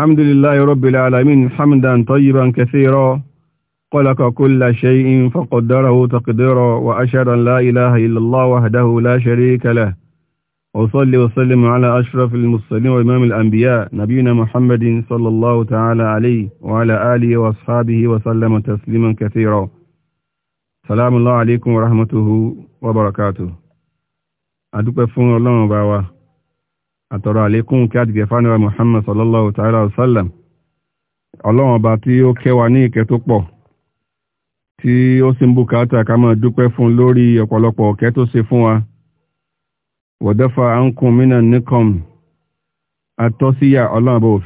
الحمد لله رب العالمين حمدا طيبا كثيرا خلق كل شيء فقدره تقديرا وأشهد أن لا إله إلا الله وحده لا شريك له وصلي وسلم على أشرف المرسلين وإمام الأنبياء نبينا محمد صلى الله تعالى عليه وعلى آله وأصحابه وسلم تسليما كثيرا سلام الله عليكم ورحمته وبركاته أدوك فون الله وبركاته àtọ̀rọ̀ àlékún kí á ti gẹ̀fà níwà Muhammad sallallahu ta'ala wa sallam ọlọ́run ọba tí ó kẹwa ní ìkẹ́ tó pọ̀ tí ó sì ń bùkátà ká máa dúpẹ́ fún lórí ọ̀pọ̀lọpọ̀ ọ̀kẹ́ tó ṣe fún wa wọ̀dẹ́fà ankun mina nikom atọ́síyà ọlọ́run ọba ò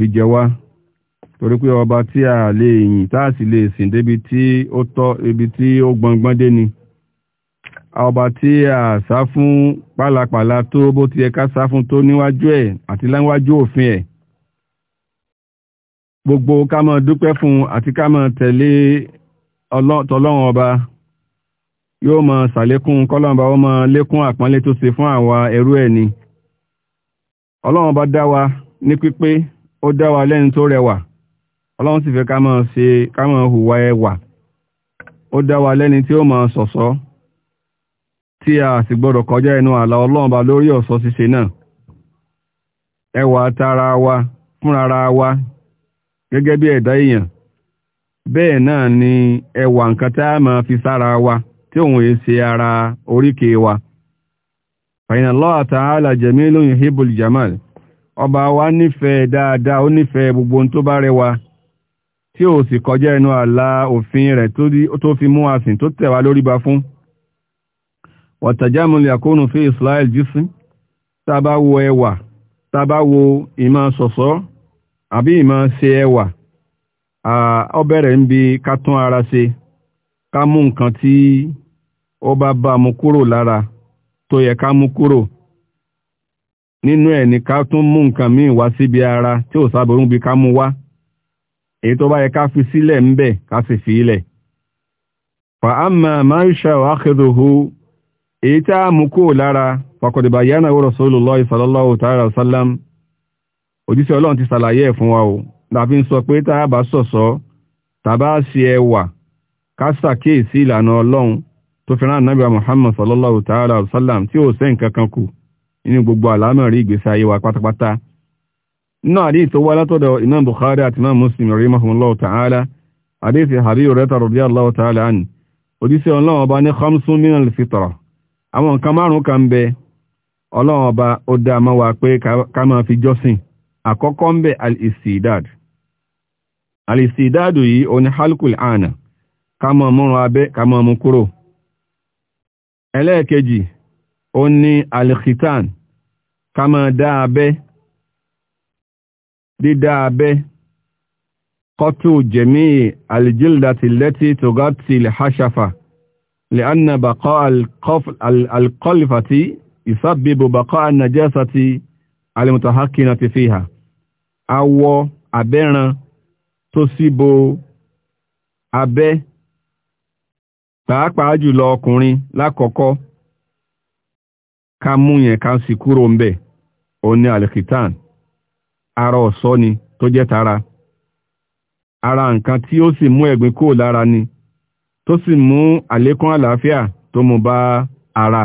jẹ ọba tí a sá fún pálapàla tó bó ti ẹka sá fún tó níwájú ẹ̀ àti láwájú òfin ẹ̀ gbogbo ká máa dúpẹ́ fún àti ká máa tẹ̀lé tọlọ́run ọba yóò máa ṣàlékún kọ́lọ́mbà ó máa lékún àpọ́nlé tó ṣe fún àwa ẹrú ẹ̀ ni ọlọ́run ọba dá wa ní pípé ó dá wa lẹ́ni tó rẹwà ọlọ́run sì fẹ́ ká máa ṣe hùwà ẹwà ó dá wa lẹ́ni tí ó máa ṣọ̀ṣọ́ tí a sì gbọ́dọ̀ kọjá ẹnu àlà ọlọ́run bá lórí ọ̀sọ́ ṣíṣe náà ẹwà tara wa fúnrara wa gẹ́gẹ́ bí ẹ̀dá èèyàn bẹ́ẹ̀ náà ni ẹwà nǹkan tá a máa fi sára wa tí òun èé ṣe ara oríkèé wa fàyínà Allah ta'ala jamilun yuhibbul jamal ọba wa nífẹ̀ẹ́ dáadáa ó nífẹ̀ẹ́ gbogbo ohun tó bá rẹwà tí ò sì kọjá ẹnu àlà òfin rẹ̀ tó fi mú àsìn tó tẹ̀ wá lórí ba fún wàtàjámùlì àkóónù fi israel jísí tàbá wo ẹwà tàbá wo ìmọ̀ sọ̀sọ́ àbí ìmọ̀ ṣe ẹwà ó bẹ̀rẹ̀ ń bi ká tún ara ṣe ká mú nǹkan tí ó bá bá mu kúrò lára tó yẹ ká mú kúrò nínú ẹ̀ ní ká tún mú nǹkan míì wá síbi ara tí ò sábòrún bí ká mú wá èyí tó bá yẹ ká fi sílẹ̀ ń bẹ̀ ká sì fi ilẹ̀. fa'amma ma yusha wa akhidhuhu èyí tí a mú kó lára pàkọ̀dìbà yánà wọ́rọ̀ Rasulullah sallallahu ta'ala sallam òjíṣẹ́ ọlọ́run ti sàlàyé ẹ̀ fún wa o láfi ń sọ pé tá a bá sọ̀sọ́ tàbá sí ẹwà kásà kíyèsí ìlànà ọlọ́run tó fi rán ànábì Muhammad sallallahu ta'ala sallam tí ó sẹ́ nǹkan kan kù nínú gbogbo àlámọ̀rí ìgbésí ayé wa pátápátá nínú àdíì tó wá látọ̀dọ̀ Imam Bukhari àti Imam àwọn nǹkan márùn-ún kan bẹ ọlọ́run ọba ó dá mọ́ wa pé ká máa fi jọ́sìn àkọ́kọ́ ń bẹ al-istidad al-istidad yìí ó ní halkul ana ká máa múrun abẹ́ ká máa mú kúrò ẹlẹ́ẹ̀kejì ó ní al-khitan ká máa dá abẹ́ dídá abẹ́ kọ́tù jẹ̀mí al-jildati lẹ́tí لأن بقاء القلفة يسبب بقاء النجاسة المتحكنة فيها أو abẹ́ran tó síbo abẹ́ pàápàá jùlọ لا كوكو ká mú yẹn ká sì kúrò ń bẹ̀ òun ni alikitan ara ọ̀sọ́ ni tó jẹ́ tara ara nǹkan tí ó sì mú ẹ̀gbin kúrò lára ni tó sì mú àlékún àlàáfíà tó mú bá ara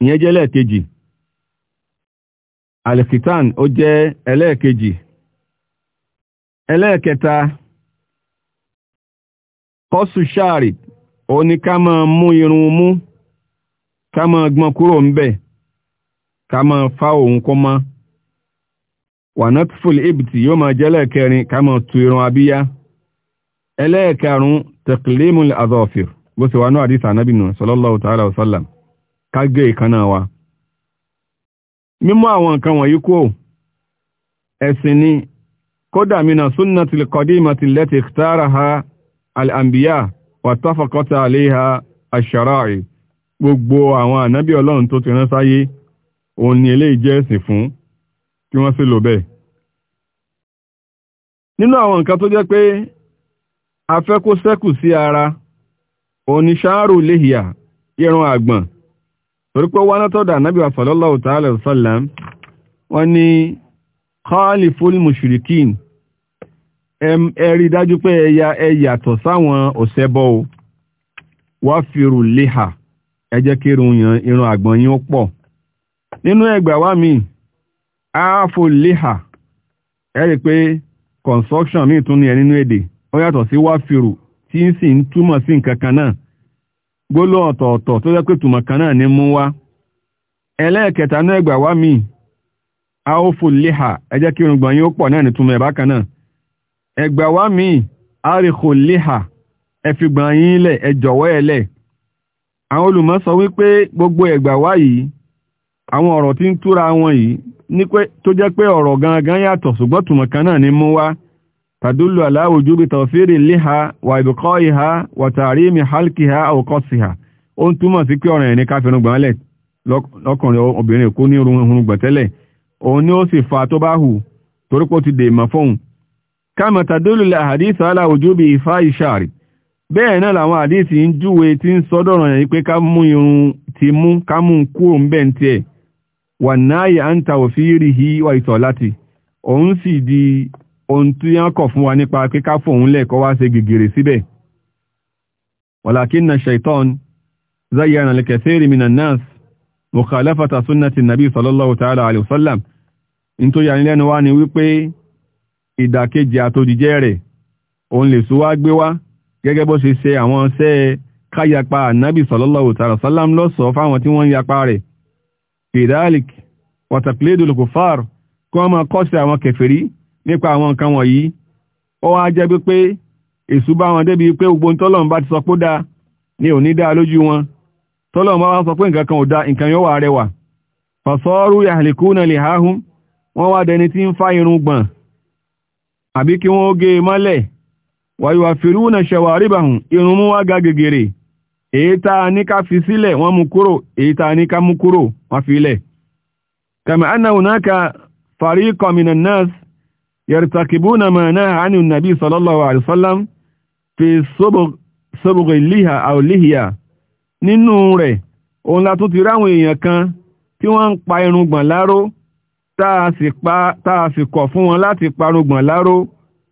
ìyẹn jẹ́ lẹ́ẹ̀kejì alikitan ó jẹ́ ẹlẹ́ẹ̀kejì ẹlẹ́ẹ̀kẹta kọ́sù ṣáàrì ó ní ká máa mú irun mú ká máa gbọ́n kúrò ń bẹ̀ ká máa fá òun kó mọ́ wànátfùl ibtì yóò máa jẹ́ lẹ́ẹ̀kẹrin ká máa tu irun abíyá ẹlẹ́ẹ̀karùn-ún tẹ̀kìlímù azọ́fìr bó ṣe wà ní àdísà anábìnú sallallahu ta'ala wa sallam ká gé ìkaná wa mímú àwọn nǹkan wọ̀nyí kó ẹ̀sìn ni kódà mina sunnati al-qadimati allati ikhtaraha al-anbiya wa tafaqata alayha ash-shara'i gbogbo àwọn ànábì ọlọ́run tó ti rán sáyé òun nínú àwọn nǹkan tó jẹ́ pé a fẹ́ kó sẹ́kù sí ara òun ni léhìá irun àgbọ̀n torí pé wọ́n látọ̀dọ̀ ànábì sallallahu ta'ala wa sallam wọ́n ni khaliful mushrikin ẹ rí dájú pé ẹya ẹyàtọ̀ sáwọn irun àgbọ̀n pọ̀ nínú ẹgbà wá mi áàfò léhà pé construction ó yàtọ̀ sí wáfìrù tí ń sì ń túmọ̀ sí nǹkan kan náà gbóló ọ̀tọ̀ọ̀tọ̀ tó jẹ́ pé túmọ̀ kan náà ni mú wá ẹlẹ́ẹ̀kẹta náà ẹgbà wá míì aófò ẹ jẹ́ kí yín ó pọ̀ náà ẹ̀bá kan náà ẹgbà wá àríkò ẹ fi gbọ̀n lẹ̀ ẹ jọ̀wọ́ lẹ̀ àwọn olùmọ̀ wípé tó jẹ́ pé تدل على وجوب توفير لها وإبقائها وتعريم حلقها أو قصها ó ń túmọ̀ sí pé ọ̀ràn ẹni ká fẹnu gbọ́n lẹ̀ lọ́kùnrin obìnrin kó ní irun ohun gbọ̀n tẹ́lẹ̀ òun ni ó sì fa tó bá hù torí pé ó ti dèèmọ̀ fóun kama tadullu lil hadith ala wujubi ohun tí yán kọ̀ fún wa nípa kíká fòun lẹ́ẹ̀kọ́ wá ṣe gègèrè síbẹ̀. walakinna shaitan zayyana likathiri minan nas mukhalafata sunnati nabi sallallahu ta'ala alaihi wasallam in tó yà nílẹ́nu wá ni wípé ìdàkejì àtòjìjẹ́ rẹ̀ òun lè sọ wá gbé wá gẹ́gẹ́ bó ṣe ṣe àwọn ṣẹ́ kọ́ sí àwọn kèfèrí nípa àwọn nǹkan wọ̀nyí ó wá jẹ́ pé èṣù bá wọn débi pé gbogbo tọ́lọ́run bá ti sọ pé ó dáa ni ò ní dáa lójú wọn tọ́lọ́run bá wá sọ pé nǹkan kan ò dáa nǹkan yóò wà rẹwà fàṣọ́rù yahlikuna lihahum wọ́n wá dẹni tí ń fá irun gbọ̀n àbí kí wọ́n ó gé e mọ́lẹ̀ wàyíwà fìrúnà ṣẹ̀wàríbàhùn irun mú wá ga gègèrè èyí tá a ní ká fi sílẹ̀ wọ́n mú kúrò èyí tá a ní ká mú kúrò wọ́n fi ilẹ̀ kàmì annáhùn náà ka fàrí kọmìnà nọ́ọ̀sì يرتكبون ما نهى عنه النبي صلى الله عليه وسلم في صبغ صبغ الليها أو اللحية nínú rẹ̀ òun la tún ti ráwọn èèyàn kan tí wọ́n ń pa irùngbọ̀n láró tá a sì kọ̀ fún wọn láti parùngbọ̀n láró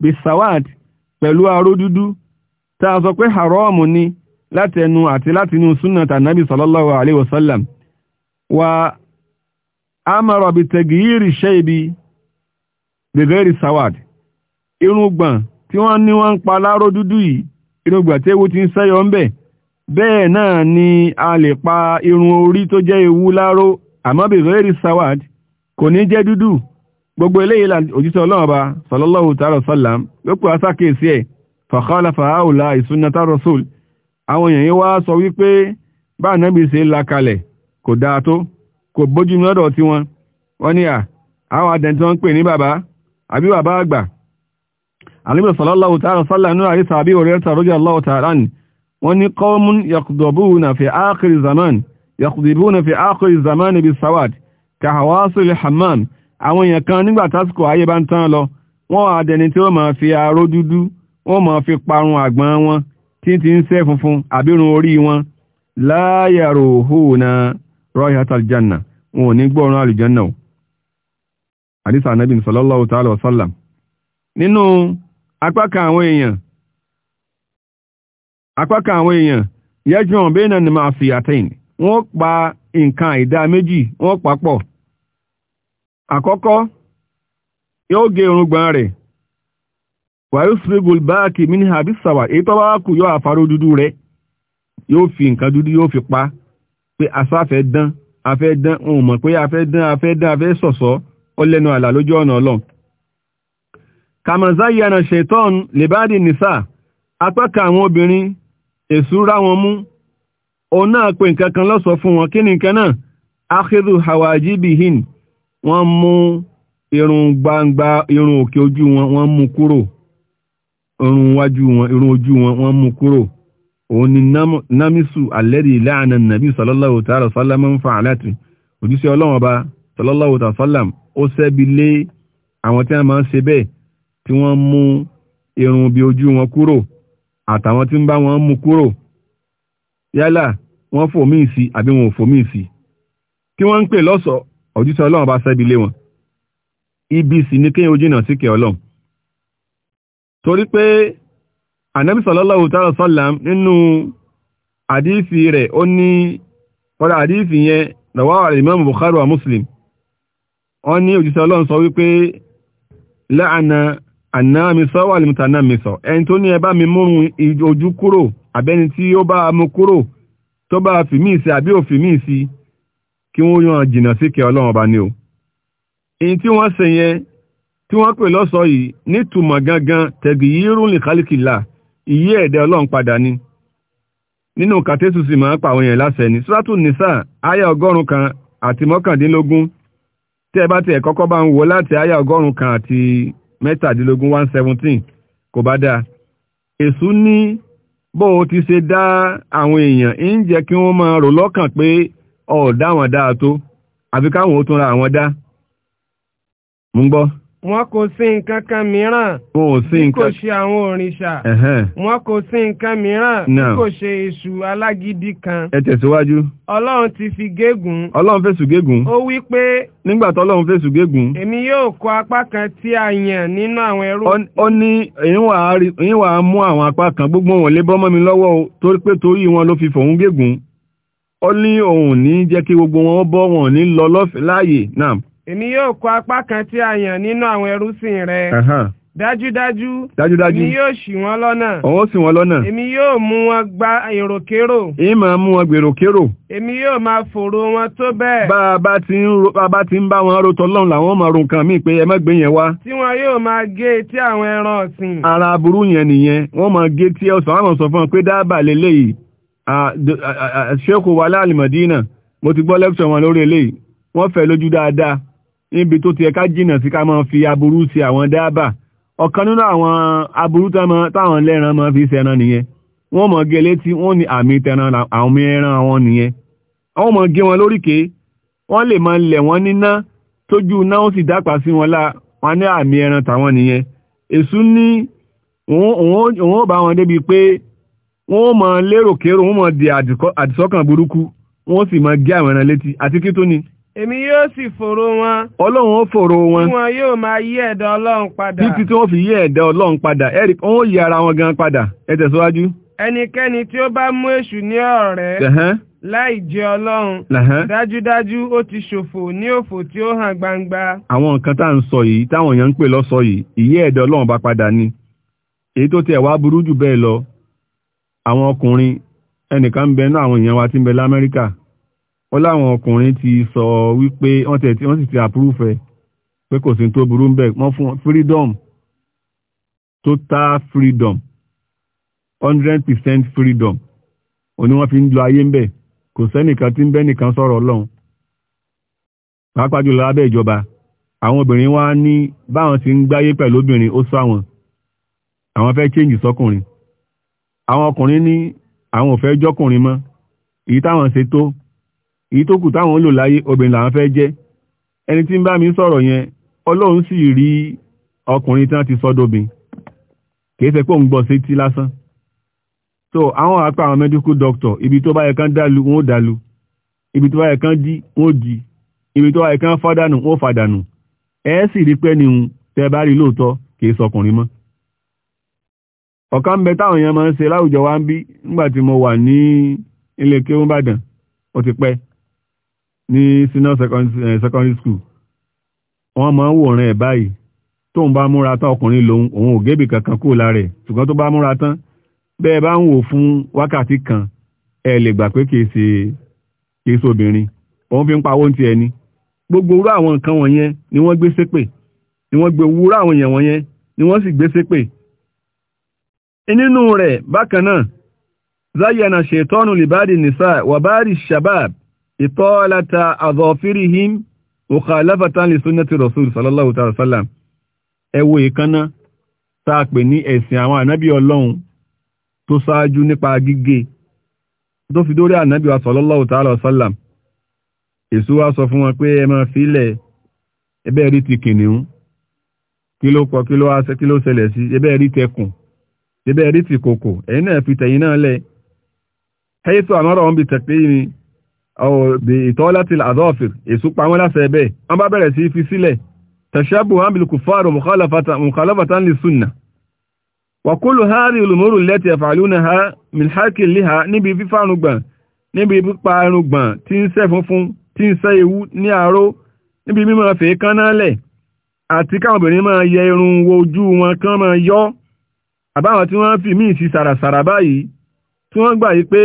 bisawad pẹ̀lú aró dúdú tá a sọ pé haramu ni láti ẹnu àti láti inú súnà tànàbí sallallahu alaihi wasallam wa amara bitaghyiri shaybi bẹ̀gẹ́rì sawad irùngbọ̀n tí wọ́n ní wọ́n ń pa láró dúdú yìí irùngbọ̀n tí ewu ti ń sẹ́yọ ń bẹ̀ bẹ́ẹ̀ náà ni a lè pa irun orí tó jẹ́ ewu láró àmọ́ bẹ̀gẹ́rì sawad kò ní jẹ́ dúdú gbogbo eléyìí sallam ló pè asákèésí ẹ̀ fakhalafa haula rasul àwọn èèyàn wá sọ wípé bá ànábì ṣe lakalẹ̀ kò dáa tó kò bójú mi lọ́dọ̀ tiwọn wọ́n ní à àwọn àdẹ̀ntàn pè ní bàbá àbí bàbá àgbà alẹ́bẹ̀ sallallahu ta'ala sallá nínú àyíta àbí òrẹ́ta rọ́jà allahu ta'ala ni wọ́n ní qawmun yaqdubuna fi akhir zaman yaqdubuna fi akhir zaman bi sawad ka hawasil hammam àwọn èèyàn kan nígbà tásìkò ayé bá ń tán lọ wọ́n àdẹni tí ó máa fi aró dúdú wọ́n máa fi parun àgbọ̀n wọn tí ti ń sẹ́ funfun àbírun orí wọn la yaruhuna rayhatal janna wọn ò ní gbọ́ràn àlùjànnà àdísà anábì sallallahu ta'ala wa sallam nínú apákan àwọn èèyàn apákan àwọn èèyàn yẹ́jùn bẹ́ẹ̀nà ni máa fi àtẹ́yìn wọ́n pa nǹkan ìdá méjì wọ́n papọ̀ àkọ́kọ́ yóò gé irùngbọ̀n rẹ̀ wàyó sírígùl báàkì mí ní àbísàwà èyí tó bá kù yóò àfaró dúdú rẹ̀ yóò fi nǹkan dúdú yóò fi pa pé asáfẹ́ dán afẹ́ dán òun mọ̀ pé afẹ́ dán afẹ́ dán afẹ́ sọ̀sọ́ ó lẹ́nu àlà lójú ọ̀nà ọlọ́run kàmàzáyàna ṣetán lèbádì nìsà apẹ́ka àwọn obìnrin èsù rá wọn mú òun náà pè nǹkan kan lọ́sọ̀ fún wọn kí ni náà akhidu hawaji bihin wọ́n mú irun gbangba irun òkè ojú wọn wọ́n mú kúrò irun wájú wọn ojú wọn wọ́n mú kúrò òun ni namisu alẹ́dì láàánà nàbí sallallahu ta'ala sallam ń fa àlátì òjíṣẹ́ ọlọ́wọ́n ba sallallahu ta'ala sallam ó sẹ́bi lé àwọn tí wọ́n máa ń ṣe bẹ́ẹ̀ tí wọ́n mú irun bí ojú wọn kúrò àtàwọn tí ń bá wọn mú kúrò yálà wọ́n fòmíì sí àbí wọn ò fòmíì sí kí wọ́n ń pè lọ́sọ̀ọ́ òjíṣẹ́ ọlọ́run bá sẹ́bi lé wọn ibi sì ní kéyàn ojúnà sí kẹ ọlọ́run torí pé ànábì sallallahu ta'ala nínú àdífì rẹ̀ ó ní ọ̀rọ̀ àdífì yẹn rawahu al Bukhari wa Muslim wọ́n ní òjíṣẹ́ ọlọ́run sọ wípé láàna ànáàmìsọ́ wà lìmùtànáàmìsọ̀ ẹni tó ní ẹ bá mi múrun ojú kúrò àbẹ́ni tí ó bá mú kúrò tó bá fìmí sí àbí ò fìmí sí kí wọ́n yàn jìnà síkẹ̀ ọlọ́run ọba ni o èyí tí wọ́n ṣe yẹn tí wọ́n pè lọ́sọ yìí nítumọ̀ gangan tẹ̀gì yìí rún lè kálíkìlà ìyí ẹ̀dẹ̀ ọlọ́run padà ni nínú kàtẹ́sù sì máa ń pàwọn yẹn láṣẹ ni sùràtù nìsà áyà ọgọ́rùn kan àti mọ́kàndínlógún tẹ́ bá tiẹ̀ kọ́kọ́ bá ń wò láti àyà ọgọ́rùn kan àti mẹ́tàdínlógún one seventeen kò bá dáa èṣù ní bó o ti ṣe dá àwọn èèyàn ń jẹ́ kí wọ́n máa rò lọ́kàn pé ọ̀ọ́dá wọn dáa tó àfi káwọn ó tún ra àwọn dá mú gbọ́ wọn kò sí nǹkan kan mìíràn bí kò ṣe àwọn òrìṣà wọn kò sí nǹkan mìíràn bí kò ṣe èṣù alágídí kan. ẹ tẹ̀síwájú. ọlọ́run ti fi gégùn. ọlọ́run fèsù gégùn. ó wí pé. nígbà tó ọlọ́run fèsù gégùn. èmi yóò kọ apá kan tí a yàn nínú àwọn ẹrú. ó ní èyí wàá mú àwọn apá kan gbogbo wọn lé bọ́mọ́ mi lọ́wọ́ o torí pé torí wọn ló fi fòun gégùn. ó ní òun ní jẹ́ kí gbogbo wọn bọ́ wọn ní lọ lọ́fẹ̀ẹ́ láàyè náà. èmi yóò kọ apá kan tí a yàn nínú àwọn ẹrúsìn rẹ dájúdájú dájúdájú èmi yóò ṣì wọ́n lọ́nà òun ó ṣì wọ́n lọ́nà èmi yóò mú wọn gba èròkérò èmi máa mú wọn gbèròkérò èmi yóò máa fòrò wọn tó bẹ́ẹ̀. bá a bá ti ń ro bá a bá ti ń bá wọn ro tọ́lọ́run làwọn máa ro nǹkan míì pé ẹ má gbé yẹn wá. tí wọn yóò máa gé etí àwọn ẹran ọ̀sìn. ara aburú yẹn nìyẹn wọ́n máa gé etí ọ̀sán àwọn sọ fún wọn pé dábàá lélẹ́yìí ṣé kò wá láàlì mo ti gbọ́ lẹ́kṣọ̀ wọn lórí eléyìí wọ́n fẹ́ lójú dáadáa níbi tó ti ẹ̀ká jìnà sí ká máa fi aburú sí àwọn dáàbà ọ̀kan nínú àwọn aburú táwọn lẹ́ran máa fi sẹ́ran nìyẹn wọ́n mọ̀ gé létí wọ́n ní àmì tẹran àwọn ẹran wọn nìyẹn wọ́n mọ̀ gé wọn lóríkèé wọ́n lè máa lẹ̀ wọ́n níná tójú náà sì dápa sí wọn lá wọn ní àmì ẹran tàwọn nìyẹn èṣù ní òun ó bá wọn débi pé wọ́n mọ̀ lérò kérò wọ́n mọ̀ di àdìsọ́kàn burúkú wọ́n sì mọ̀ gé àwọn ẹran létí àti kí tó ni èmi yóò sì fòró wọn. ọlọ́run ó fòró wọn. tí wọn yóò máa yí ẹ̀dá ọlọ́run padà. títí tí wọ́n fi yí ẹ̀dá ọlọ́run padà ẹ̀rí wọn ó yí ara wọn gan padà ẹ tẹ̀síwájú. ẹnikẹ́ni tí ó bá mú èṣù ní ọ̀rẹ́ láì jẹ ọlọ́run dájúdájú ó ti ṣòfò ní òfò tí ó hàn gbangba. àwọn nǹkan tá à ń sọ yìí táwọn èèyàn ń pè lọ́sọ yìí ìyẹ́ ẹ̀dọ̀ ọlọ́run bá padà ni èyí tó tiẹ̀ wá burú jù bẹ́ẹ̀ lọ àwọn ọkùnrin ẹnìkan ń bẹ náà àwọn èèyàn wa ti ń bẹ lamẹ́ríkà wọ́n láwọn ọkùnrin ti sọ wípé wọ́n tẹ̀ tí wọ́n sì ti àpúrúfù ẹ̀ pé kò sí tó burú ń bẹ̀ wọ́n fún freedom total freedom hundred percent freedom òní wọ́n fi ń lo ayé ń bẹ̀ kò sẹ́nìkan tí ń bẹ́ nìkan sọ̀rọ̀ ọlọ́run pàápàá jùlọ lábẹ́ ìjọba àwọn obìnrin wá ní báwọn ti ń gbáyé pẹ̀lú obìnrin ó sọ àwọn àwọn fẹ́ change sọkùnrin àwọn ọkùnrin ní àwọn ò fẹ́ jọkùnrin mọ́ èyí táwọn ṣe tó èyí tó kù táwọn ń lò láyé obìnrin làwọn fẹ́ jẹ́ ẹni tí ń bá mi sọ̀rọ̀ yẹn ọlọ́run sì rí ọkùnrin tí wọ́n ti sọ́dọ̀bìn kìí ṣe pé òun gbọ́ sétí lásán so àwọn apá àwọn medical doctor ibi tó bá yẹ kán dálu wọn ó dálu ibi tó bá yẹ kán dí wọn ó di ibi tó bá yẹ kán fádànù wọn ó fàdànù ẹ sì rí pẹ́ nìhun tẹ́ bá rí lóòótọ́ kìí sọkùnrin mọ́ ọ̀kan ń bẹ táwọn èèyàn máa ń ṣe láwùjọ wa ń bí nígbà tí mo wà ní ilé kéwọ́n bàdàn ó ti pẹ́ ní senior eh, secondary school wọ́n máa ń wòran ẹ̀ báyìí tóun bá múra tán ọkùnrin lòun òun ò gébì kankan kúrò lára ẹ̀ ṣùgbọ́n tó bá múra tán bẹ́ẹ̀ bá ń wò fún wákàtí kan ẹ lè gbà pé kìí ṣe obìnrin òun fi ń pawó ti ẹni gbogbo irú àwọn nǹkan wọ̀nyẹn ni wọ́n gbé ṣépè ni wọ́n gbé owó irú àwọn èèyàn wọ̀nyẹn ni wọ́n sì gbé ṣépè nínú rẹ̀ bákan náà zayyana ṣètọ́nù libadi nisa wabari shabab ìtọ́ọ̀láta àzọ̀fírihim òkàlábàtà lè sunnati rasul sallallahu ta'ala sallam ẹwọ ìkanná táa pè ní ẹ̀sìn àwọn ànábí ọlọ́run tó sáájú nípa gígé tó fi dórí ànábí wa sallallahu ta'ala sallam èso wá sọ fún wọn pé ẹ máa fílẹ̀ ẹbẹ́ rí ti kìnìún kí ló kọ kí ló wá kí ìtọ́ láti àdọ́ọ̀fìr èsù pa wọ́n lásẹ̀ ẹ̀bẹ̀ wọ́n bá bẹ̀rẹ̀ sí fi sílẹ̀ tẹ̀ṣẹ́bù hamilu kùfààrù mukhalafatan li sunna wa kullu hadhihi al-umur allati yaf'alunaha min haqqin liha níbi fífàrùgbọ̀n níbi pípa ẹrùgbọ̀n tí ń sẹ́ funfun tí ń sẹ́ ewu ní àáró níbi mímọ̀ fèé kánálẹ̀ àti káwọn obìnrin máa yẹ irun wo wọ́n fi míì sí sàràsàrà báyìí tí wọ́n gbà yí pé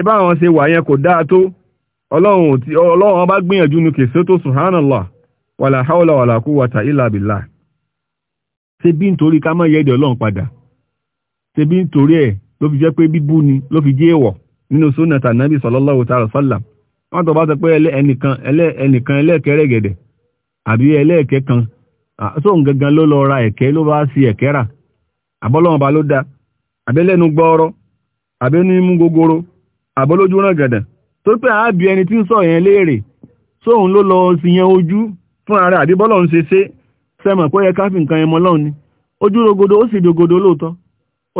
ìbáwọn ṣe wà yẹn kò dáa tó ọlọ́run tí ọlọ́run bá gbìyànjú ní kèsí tó subhanallah wàlà haúlà wàlà quwwata billah ṣe bí nítorí ká mọ́ yẹ́dẹ̀ ọlọ́run padà ṣe bí nítorí ẹ̀ ló fi jẹ́ pé bíbú ni ló fi jẹ́ èèwọ̀ nínú sunnata nabi sallallahu ta'ala sallam wọ́n tó bá sọ pé ẹnìkan ẹlẹ́ẹ̀kẹ́rẹ́ gẹ̀dẹ̀ àbí ẹlẹ́ẹ̀kẹ́ kan sóhun gangan ló lọ ra ẹ̀kẹ́ ló bá sí ẹ̀kẹ́ rà àbọ́lọ́run ba ló dá àbẹ́lẹ́nu gbọ́ọ́rọ́ àbẹ́nu imú gogoro àbọ́lójú rán gẹ̀dẹ̀ tó pé àábí ẹni tí ń sọ yẹn léèrè sóhun ló lọ sí yẹn ojú fún ara àbí ń ṣe ṣe sẹ́mọ̀ pé yẹ káfí nǹkan ẹmọ lọ́run ni ojú rogodo ó sì dogodo lóòótọ́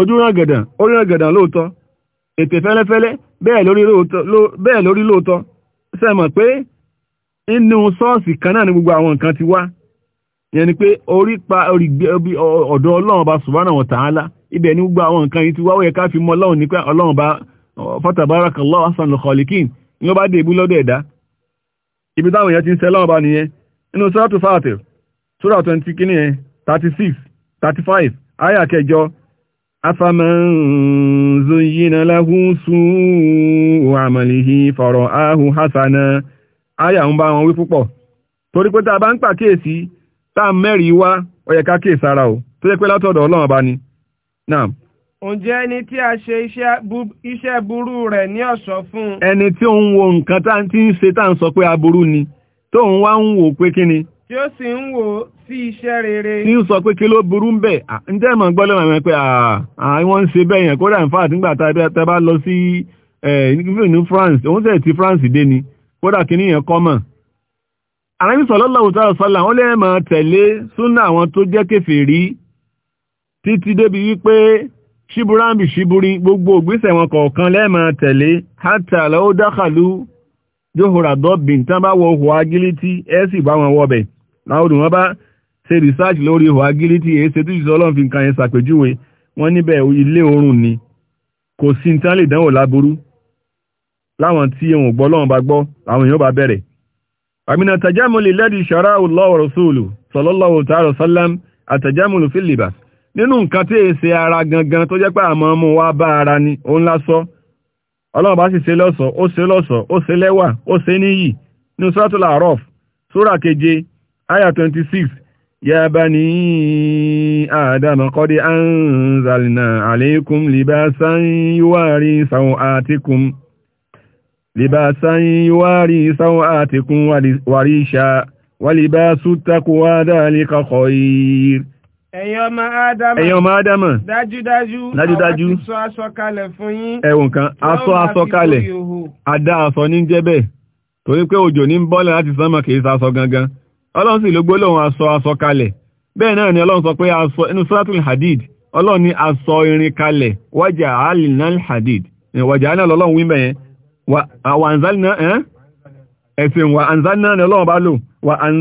ojú rangàdàn ó rangàdàn lóòótọ́ ètè fẹ́lẹ́fẹ́lẹ́ bẹ́ẹ̀ lórí lóòótọ́ sẹ́mọ̀ pé inú sọ́ọ̀sì kan pé orí pa ọ̀dọ̀ ọlọ́run ọba wá yẹ pé fatabarakallahu ahsanul khaliqin ní bá dé ìbú lọ́dọ̀ ẹ̀dá ibi táwọn èèyàn ti ń sẹ́ bá nìyẹn nínú sọ́ràtù fàtẹ̀ sọ́rà 20 kìíní ẹ̀ 36 35 àyà kẹjọ afaman zuyyina ń bá wọn wí púpọ̀ o ǹjẹ́ ẹni tí a ṣe iṣẹ́ burú rẹ̀ ní ọ̀ṣọ́ fún. ẹni tí ó ń wo nǹkan tá ti ń ṣe tá ń sọ pé aburú ni tó ń wá ń wò pé kí ni. tí ó sì ń wò sí iṣẹ́ rere. tí ń sọ pé kí ló burú ń bẹ̀ ǹjẹ́ mọ̀ gbọ́ lọ́wọ́ pé àwọn ń ṣe bẹ́ẹ̀ yẹn kódà in fact nígbà tá a bá lọ sí ní France òun tẹ̀ ti France dé ni kódà kí yẹn kọ́ mọ̀. àrẹ́bí ṣíbúrámbì ṣíbúrí gbogbo ògbésẹ̀ wọn kọ̀ọ̀kan lẹ́ẹ̀mà tẹ̀lé hátà lọ́wọ́ dákàlú jóhùrà dọ́bìn tán bá wọ ohò agilítí ẹ sì bá wọn wọbẹ̀ láwùdù wọn bá ṣe rìsáàjì lórí ohò agilítí èyí ṣe tíṣìṣẹ́ ọlọ́run fi nǹkan yẹn ṣàpèjúwe wọn níbẹ̀ ilé oorun ni kò sí tán lè dánwò láburú láwọn tí wọn gbọ́ lọ́wọ́n bá gbọ́ àwọn èèyàn bá bẹ̀rẹ̀ àmìnà tàjámọ̀lì lẹ́dí ṣàrá òlọ́wọ̀rọ̀ sóòlù sọlọ́lọ́wọ̀ tààrọ̀ sálám àtàjámọ̀lù fílìbàsì nínú nǹkan tí èsè ara gangan tó jẹ́ pé àmọ́ mú wá bá ara ni òun lásọ ọlọ́run bá sì ṣe lọ́ṣọ̀ọ́ ó ṣe lọ́ṣọ̀ọ́ ó ṣe lẹ́wà ó ṣe níyì ní suratul A'raf sura keje aya 26 ya bani adama qad anzalna alaykum libasan yuwari sawatikum libasan yuwari sawatikum warisha walibasu taqwa dhalika khayr ẹ̀yin ọmọ ádámà ẹ̀yin ọmọ ádámà dájúdájú dájúdájú aṣọ kalẹ̀ fún yín ẹ̀wọ̀n kan aṣọ aṣọ kalẹ̀ adá aṣọ ní jẹ́bẹ̀ torí pé òjò ní láti sánmà kìí gangan ọlọ́run sì ló gbólóhùn aṣọ aṣọ kalẹ̀ bẹ́ẹ̀ náà ni ọlọ́run sọ pé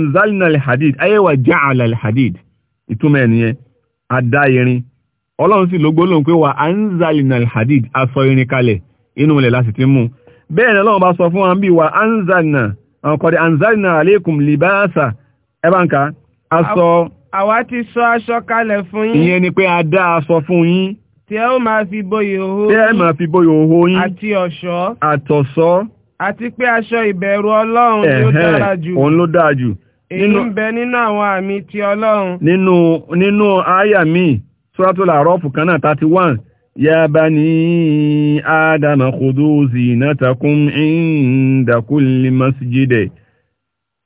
aṣọ kalẹ̀ ìtumọ̀ ẹ̀nìyẹn adá irin ọlọ́run sì ló gbólóhùn pé wà anzalinal hadid aṣọ irin kalẹ̀ inú ilẹ̀ láti ti mú bẹ́ẹ̀ ni ọlọ́run bá sọ fún wa ń bí wà anzalina ọkọ̀dẹ̀ anzalina aleikum libasa ẹbánká aṣọ àwa ti sọ aṣọ kalẹ̀ fún yín ìyẹn ni pé adá aṣọ fún yín tí ẹ ó máa fi bo ìhòhò yín tí ẹ máa fi bo ìhòhò yín àti ọ̀ṣọ́ àtọ̀ṣọ́ àti pé aṣọ ìbẹ̀rù ọlọ́run ló dára jù òun ló dára jù Èyí ń bẹ nínú àwọn àmì ti Ọlọ́run. Nínú nínú àyà mi, Suratul Araf kan náà 31, Ya bani Adama khudhu zinatakum inda kulli masjid.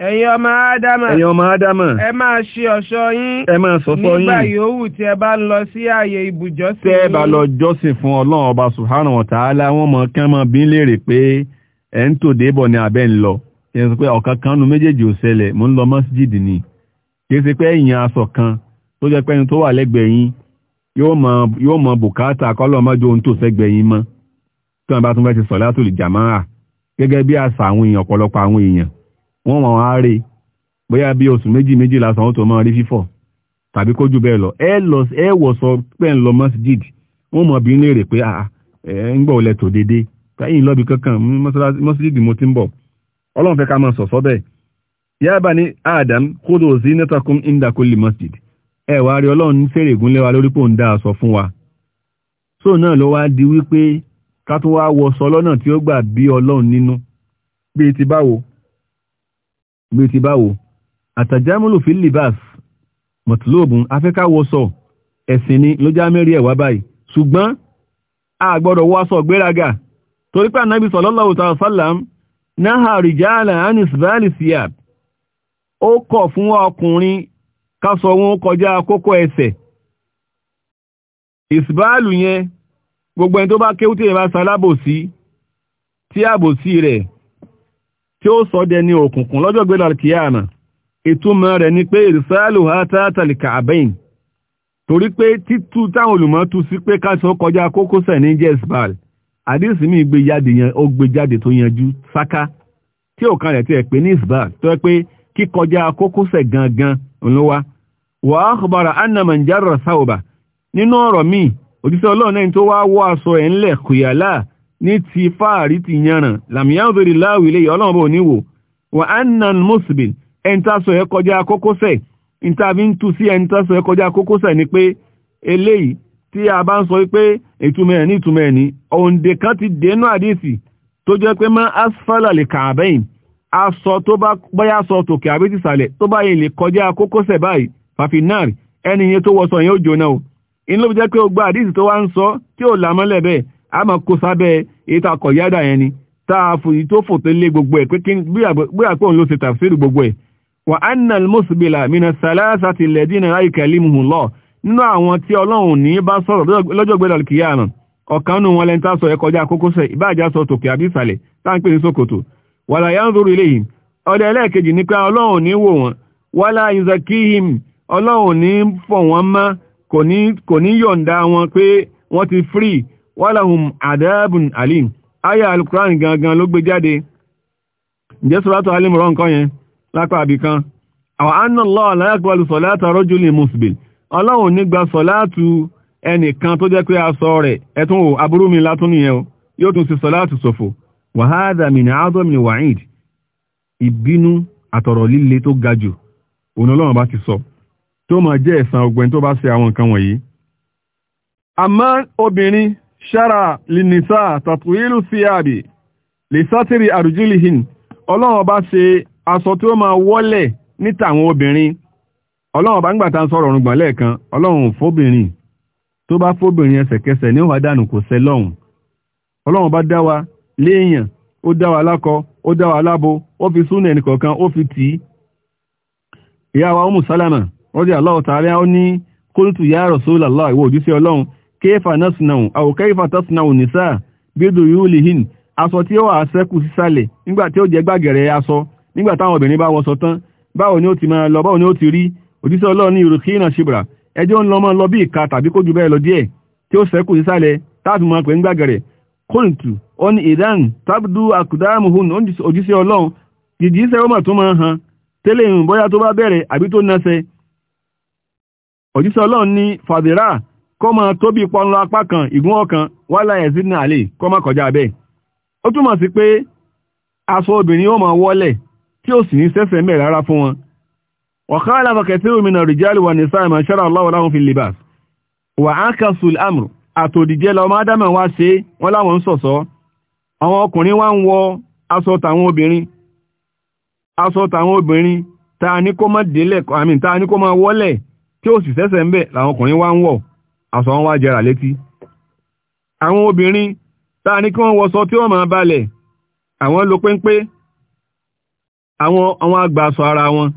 Ẹ̀yin ọmọ Ádámà. Ẹ̀yin ọmọ Ádámà. Ẹ máa ṣe ọ̀ṣọ́ yín. Ẹ máa ṣọ̀ṣọ́ yín. Nígbà yòówù tí ẹ bá ń lọ sí ààyè ibùjọ́sìn. Tẹ́ bá lọ jọ́sìn fún Ọlọ́run ọba Subhanahu wa wọ́n mọ̀ kán bí ń léèrè pé ẹ̀ ń tòde bọ̀ ni àbẹ́ ń lọ yẹn sọ pé ọ̀kan kan nu méjèèjì ò ṣẹlẹ̀ mò ń lọ mọ́síjìdì ni kì í ṣe pé ẹ̀yìn aṣọ kan tó jẹ́ pẹ́ni tó wà lẹ́gbẹ̀ẹ́ yín yóò mọ bùkátà kọ́lọ́mọ́jú ohun tó sẹ́gbẹ̀ẹ́ yín mọ́ tí wọ́n bá tún fẹ́ ti sọ̀lá tó lè jàmáà gẹ́gẹ́ bí àṣà àwọn èèyàn ọ̀pọ̀lọpọ̀ àwọn èèyàn wọ́n wọ́n á rè bóyá bí oṣù méjì méjì lásán ó tó máa rí fífọ̀ tàbí kójú bẹ́ẹ̀ lọ ẹ wọ̀ sọ pé ń lọ mọ́síjìdì wọ́n mọ̀ bí ń léèrè pé ah, ah, ń gbọ́ ọ̀lẹ́ tò déédéé káyìn lọ́bi kankan mọ́síjìdì mo ti ń bọ̀ ọlọ́run fẹ́ ká máa sọ̀sọ́ bẹ́ẹ̀ yá bá ní adam kódò sí nẹ́tàkùn indakoli masjid ẹ wá rí ọlọ́run fèrè gúnlẹ̀ wa lórí pò ń dá aṣọ fún wa so náà ló wá di wípé ká tún wá wọṣọ lọ́nà tí ó gbà bí ọlọ́run nínú bíi ti báwo bíi ti báwo àtàjámúlò fi libas mọ̀tìlóògùn afẹ́ká wọṣọ ẹ̀sìn ni ló já mẹ́rí ẹ̀ wá báyìí ṣùgbọ́n a gbọ́dọ̀ wọ aṣọ gbéraga torípé ànábì sallallahu ta'ala sallam náà rìjálà anis balisiab ó kọ̀ fún ọkùnrin kásọ wọn kọjá kókó ẹsẹ̀ ìsìbáàlù yẹn gbogbo ẹni tó bá kéwú tí ìbá salábòsí tí àbòsí rẹ̀ tí ó sọ dẹni òkùnkùn lọ́jọ́ gbé lálkìyàmà ìtumọ̀ rẹ̀ ni pé ìrìsáàlù hátátàlì kàbẹ́yìn torí pé títú táwọn olùmọ̀ tú sí pé kásọ kọjá kókósẹ̀ ní jésbàlì àdíìsì míì gbé jáde yẹn ó gbé jáde tó yanjú sáká tí òkan rẹ̀ tiẹ̀ pé ní isbah tó yẹ pé kíkọjá kókósẹ̀ gangan ló wá wà á akhbara anna man jarra thawba nínú ọ̀rọ̀ míì òjíṣẹ́ ọlọ́run náà tó wá wọ́ aṣọ ẹ̀ ńlẹ̀ kùyàlá ní ti fáàrí ti yanràn làmìyànzòrì láàwì ilé ọlọ́run bò níwò wà annan musbil ẹ̀ńtàṣọ ẹ̀ kọjá kókósẹ̀ ìtàbí ń tu sí ẹ̀ńtàṣọ ẹ̀ kọjá kókósẹ̀ ni pé eléyìí tí a bá ń sọ wípé ìtumẹ̀ ẹ̀ ní ìtumẹ̀ ní òǹdè kan ti dénú àdísì tó jẹ́ pé má asfala kààbẹ́yìn aṣọ tó bá bóyá aṣọ tòkè àbí tìsàlẹ̀ tó bá yẹn lè kọjá kókósẹ̀ báyìí fàfinari ẹni yẹn tó wọṣọ yẹn ó jóná o inú ló fi jẹ́ pé ó gba tó wá ń sọ tí ò lámọ́lẹ̀ bẹ́ẹ̀ a máa kó sábẹ́ ètò àkọ̀yádà yẹn ni tá a fòyí tó fòtó lé gbogbo ẹ̀ pé bí àpò òun ló ṣe tàfsírù gbogbo ẹ̀ wà á nà mùsùlùmí nínú àwọn tí ọlọ́run ní bá sọ̀rọ̀ lọ́jọ́ gbẹ́dọ̀ kìí àrùn ọ̀kan nù wọn lẹ́ntà sọ ẹkọjá kókósẹ̀ ìbáàjá sọ tòkè àbí ìsàlẹ̀ táǹpé ní sókòtò wàlà yá ń zoro ilé yìí ọdẹ ẹlẹ́ẹ̀kejì ní pé ọlọ́run ní wò wọn wàlà ìzàkíhìm ọlọ́run ní fọ̀ wọn mọ́ kò ní yọ̀ǹda wọn pé wọ́n ti fírì wàlà hum adabun alim aya alukuran gangan ló gbé jáde ǹjẹ́ sọ́látò alimọ̀rọ̀ nǹkan yẹn lápá àbìkan àwọn anna Allah la yaqbalu salata rajulin musbil ọlọ́run ní gba sọ̀láàtù ẹnìkan tó jẹ́ pé aṣọ rẹ̀ ẹ̀tún ò aburú mi látún nìyẹn o yóò tún sí sọ̀láàtù ṣòfò wàhádà min azami wa'id ìbínú àtọ̀rọ̀ líle tó ga jù òun ọlọ́run bá ti sọ tó máa jẹ́ ẹ̀san ọgbẹ́ni tó bá ṣe àwọn nǹkan wọ̀nyí tí ó máa ọlọ́run bá ń gbàtà sọ̀rọ̀ ọ̀rùngbọ̀n lẹ́ẹ̀kan ọlọ́run fóbìnrin tó bá fóbìnrin ẹsẹ̀kẹsẹ̀ ní òwà dànù kò sẹ lọ́hùn ọlọ́run bá dá wa léèyàn ó dá wa lákọ ó dá wa lábo ó fi súnà ẹnìkọ̀ọ̀kan ó fi tì í ìyá wa ọmú sálámà rọ́dí aláwọ̀ tààrẹ ó ní kólútù yá Rasulullah ìwọ òjíṣẹ́ ọlọ́run kéfà násùnáhùn aw kayfa tásùnáhùn nìsá bídò yóò lè hìn aṣọ tí ó wà sẹ́kù sísàlẹ̀ nígbà tí ó jẹ́ gbàgẹ̀rẹ̀ aṣọ nígbà táwọn obìnrin bá wọṣọ tán báwo ni ó ti máa lọ báwo ni ó ti rí òjíṣẹ́ ọlọ́run ní yorùkí náà ẹjọ́ ń lọ mọ́ lọ bí ìka tàbí kó bẹ́ẹ̀ lọ díẹ̀ tí ó sẹ́kù sísàlẹ̀ táàbù mọ́ pé ń gbàgẹ̀rẹ̀ kóńtù ó ní ìdán tábùdú òjíṣẹ́ ọlọ́run ó mọ̀ tó máa han tẹ́lẹ̀ kan ìgún wálá ẹ̀sìn kọ́ máa kọjá bẹ́ẹ̀ ó túmọ̀ sí pé aṣọ obìnrin ó máa tí ó ní sẹ́sẹ̀ fún wọn وخالف كثير من الرجال والنساء ما شرع الله لهم في اللباس وعكسوا الامر àtòdìjẹ́ lọ máa dámà wá ṣe wọ́n láwọn ń sọ̀sọ́ àwọn ọkùnrin wá ń wọ aṣọ tàwọn obìnrin aṣọ tàwọn obìnrin ta ní kó má délẹ̀ àmì ta ní kó má wọ́lẹ̀ tí ó sì sẹ́sẹ̀ ń bẹ̀ làwọn ọkùnrin wá ń wọ̀ aṣọ wọn wá jẹrà létí àwọn obìnrin ta ní kí wọ́n wọṣọ tí wọ́n máa balẹ̀ àwọn lo péńpé àwọn àgbà aṣọ ara wọn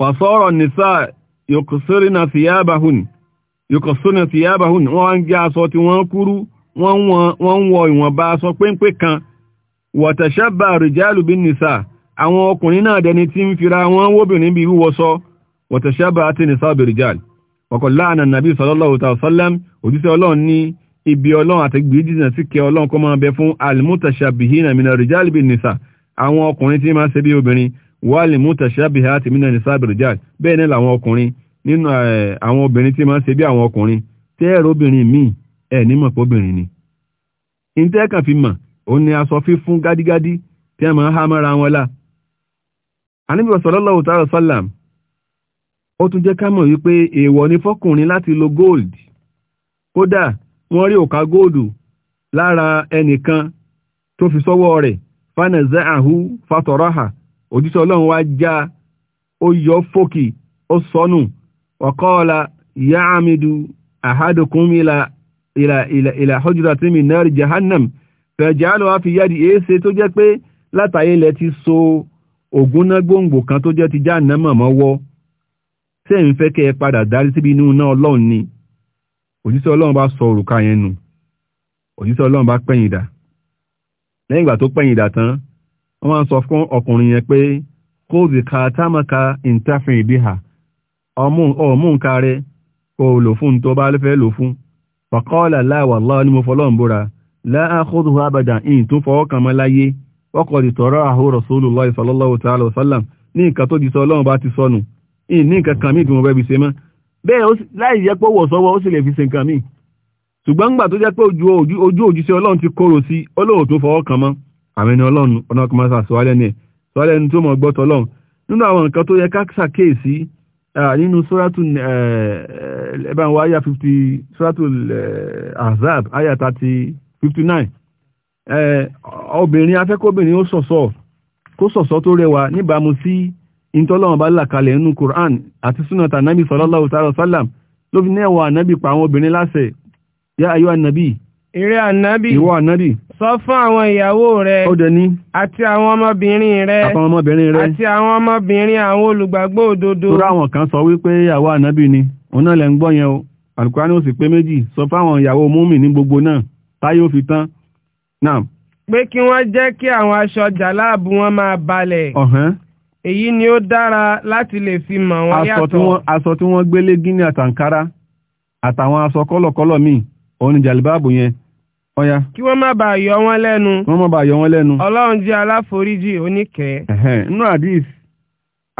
fàṣọ́rọ̀ nìsá yòkùsírínà síyábàhùn wọ́n wá ń gé aṣọ tí wọ́n kúrú wọ́n ń wọ ìwọ̀nba aṣọ péńpé kan wọ̀tẹ̀ṣẹ́bà rìjálù bí nìsá àwọn ọkùnrin náà dẹni tí ń fira wọn wóbìnrin bí wíwọṣọ wọ̀tẹ̀ṣẹ́bà àti nìsá bìrìjálù ọkọ̀ láàánà nàbí sallallahu ta'ala sallam òjíṣẹ́ ọlọ́run ní ibi ọlọ́run àti gbìyànjìnà sí kẹ ọlọ́run kọ́ máa bẹ fún al-mutashabbihina mina rijal bin nisa àwọn ọkùnrin tí máa ṣe bí obìnrin wà lè mú tẹ̀ṣẹ́bì àti mínà ní sábìrì jáde bẹ́ẹ̀ ní làwọn ọkùnrin nínú àwọn obìnrin tí máa ń ṣe bí àwọn ọkùnrin tẹ́ẹ̀rọ obìnrin míì ẹ̀ nímọ̀ pé obìnrin ni. ìtẹ́ẹ̀kàn fi mọ̀ ó ní aṣọ fífún gádígádí tí a máa ń há mọ́ra wọn lá. àníbi sallallahu ta'ala sallam ó tún jẹ́ ká mọ̀ wípé èèwọ̀ ni fọ́kùnrin láti lo gold kódà wọ́n rí òkà góòdù lára ẹnìkan tó fi sọ́wọ́ rẹ̀ fanaza'ahu fatoraha òjíṣẹ́ ọlọ́run wá já ó yọ fókì ó sọnù ọ̀kọ́ọ̀la ìyá àmìdù àhádùkún ila ila ila ila hujratin min nari jahannam fẹ̀jáàlù wá fi yádi èése tó jẹ́ pé látàyé ilẹ̀ ti so ògúnná gbòǹgbò kan tó jẹ́ ti já nàmọ̀ mọ́wọ́ tẹ́ ń fẹ́ kẹ́ padà darí síbi inú náà ọlọ́run ni òjíṣẹ́ ọlọ́run bá sọ òrùka yẹn nù òjíṣẹ́ ọlọ́run bá pẹ̀yìn dà lẹ́yìn ìgbà tó pẹ̀yìn dà tán wọ́n sọ fún ọkùnrin yẹn pé kó zìkà támaka ìntàfin ìbíhà ọmú nǹka rẹ kó lò fún tó bá fẹ́ lò fún fàkọ́ọ̀là láwàlá ní mo fọlọ́n búra láàkóòdù àbàdà in tó fọwọ́ kan mọ́ láyé ọkọ̀ di tọ̀rọ àhúrọ̀ Rasulullahi sallallahu ta'ala wa sallam ní nǹkan tó di sọ ọlọ́run bá ti sọnù in ní nǹkan kan míì tí mo bẹ́ fi ṣe mọ́ bẹ́ẹ̀ láì yẹ pé àmìnà ọlọ́run ọ̀nà kan máa sàṣọ́wálẹ̀ ní ẹ̀ sọ́wálẹ̀ ní tó mọ̀ gbọ́tọ̀ ọlọ́run nínú àwọn nǹkan tó yẹ ká ṣàkíyèsí nínú sóràtù ẹ̀bàn wa àyà fifty sóràtù àyà thirty fifty nine obìnrin afẹ́kọ́bìnrin ó sọ̀sọ̀ kó sọ̀sọ̀ tó rẹwà níbàámu sí ìtọ́lọ́wọ̀n bá làkalẹ̀ nínú Quran àti sunata anabi sallallahu alaihi wasallam ló fi nabi ẹ̀wọ̀n anabi pa àwọn obìnrin láṣẹ yá ayọ́ anabi Ìrẹ́ ànábì. Ìwọ ànábì. Sọ fún àwọn ìyàwó rẹ̀. Ó dẹ̀ ní. Àti àwọn ọmọbìnrin rẹ̀. Àtàwọn ọmọbìnrin rẹ̀. Àti àwọn ọmọbìnrin àwọn olùgbàgbọ́ òdodo. Tóra àwọn kan sọ wípé ìyàwó ànábì ni. Òun náà lẹ̀ ń gbọ́ yẹn o. Àlùkùránì ó sì pé méjì. Sọ fún àwọn ìyàwó múmi ní gbogbo náà. Táyé ó fi tán. Náà. Pé kí wọ́n jẹ́ kí àwọn aṣọ jàláàbù wọn máa balẹ̀. Ọ̀hán. Èyí ni ó dára láti lè fi mọ̀ wọ́n yàtọ̀. Aṣọ tí wọ́n gbélé Gíní àtàǹkárá àtàwọn aṣọ kọ́lọ̀kọ́lọ̀ míì onu ni jàlìbáàbù yẹn ọya kí wọ́n má bàa yọ wọ́n lẹ́nu kí wọ́n má bàa yọ wọ́n lẹ́nu ọlọ́run jẹ́ aláforíjì oníkẹ́ nínú àdìs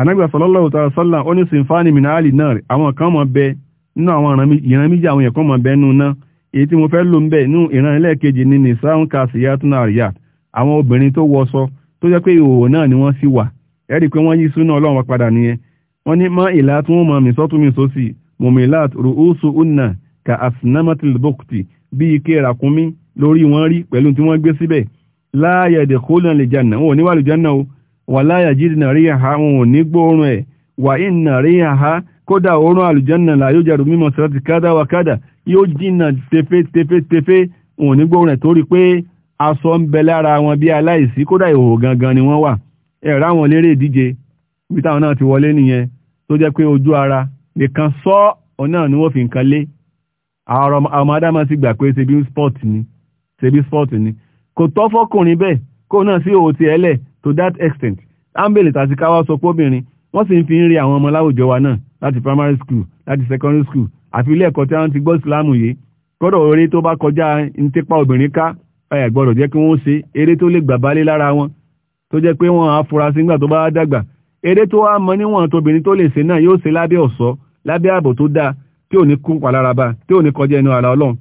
anábì sallallahu ta'ala sallam ó ní sinfani minali náà àwọn kan mọ̀ bẹ nínú àwọn ìran méjì àwọn ẹ̀kọ́ mọ̀ bẹ nù náà èyí tí mo fẹ́ lò ń bẹ̀ nínú ìran ẹlẹ́ẹ̀kejì ni ka afnamatil bukti bí ike ràkúnmí lórí wọn rí pẹ̀lú tí wọ́n la ya láàyè dẹ̀kólà lè jànà wọn ní wàlù jànà o wà láyà jídìnà rí àhá wọn ò ní gbóòórùn ẹ̀ wà ìnà rí àhá kódà òórùn àlùjànà láyò jàrù mímọ̀ sọ́tì kada wà kádà yóò jìnà tefe tefe tefe wọn ò ní gbóòórùn ẹ̀ torí pé aṣọ ń bẹ lára wọn bí aláìsí kódà ìhòòhò gangan ni wọ́n wà ẹ̀rọ àwọn lérè ìdíje ibi táwọn náà ti wọlé nìyẹn tó jẹ́ pé ojú ara nìkan sọ ọ̀nà ni wọ́n fi nǹkan lé àwọn ọmọ adámọ́ sì gbà pé ṣebí sport ni ṣebí sport ni kò tọ́ fọ́kùnrin bẹ́ẹ̀ kó náà sí òòtí ẹlẹ̀ to that extent ambele tàti káwá sọ pọ́bìnrin wọ́n sì ń fi ń rí àwọn ọmọ láwùjọ wa náà láti primary school láti secondary school àfi ilé ẹ̀kọ́ tí wọ́n ti gbọ́ ìsìlámù yìí gbọ́dọ̀ eré tó bá kọjá ń tipa obìnrin ká ẹ̀ gbọ́dọ̀ jẹ́ kí wọ́n ṣe eré tó lè gbàbálé lára wọn tó jẹ́ pé wọ́n afurasí nígbà tó bá dàgbà eré tó wá mọ níwọ̀n tóbìnrin tó lè ṣe náà yóò ṣe lábẹ́ ọ̀ṣọ́ lábẹ́ ààbò tó dáa tí ò ní kú palaraba tí ò ní kọjá ẹnu ara ọlọ́run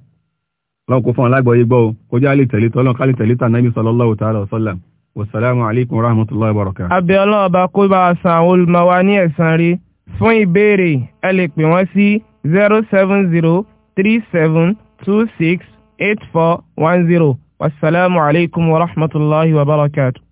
ọlọ́run kò fún wọn lágbọ̀ọ́yé gbọ́ o kọjá lè tẹ̀lé tọ́lọ́n ká lè tẹ̀lé tà nábì sallallahu ta'ala wa sallam wasalaamu alaykum rahmatulahi wa barakatuh. abẹ́ ọlọ́ọ̀bá kó bá a san àwọn ní ẹ̀san rí fún ìbéèrè ẹ lè pè wọ́n sí zero seven zero three seven two six eight four one zero wasalaamu alaykum rahmatulahi wa barakatuh.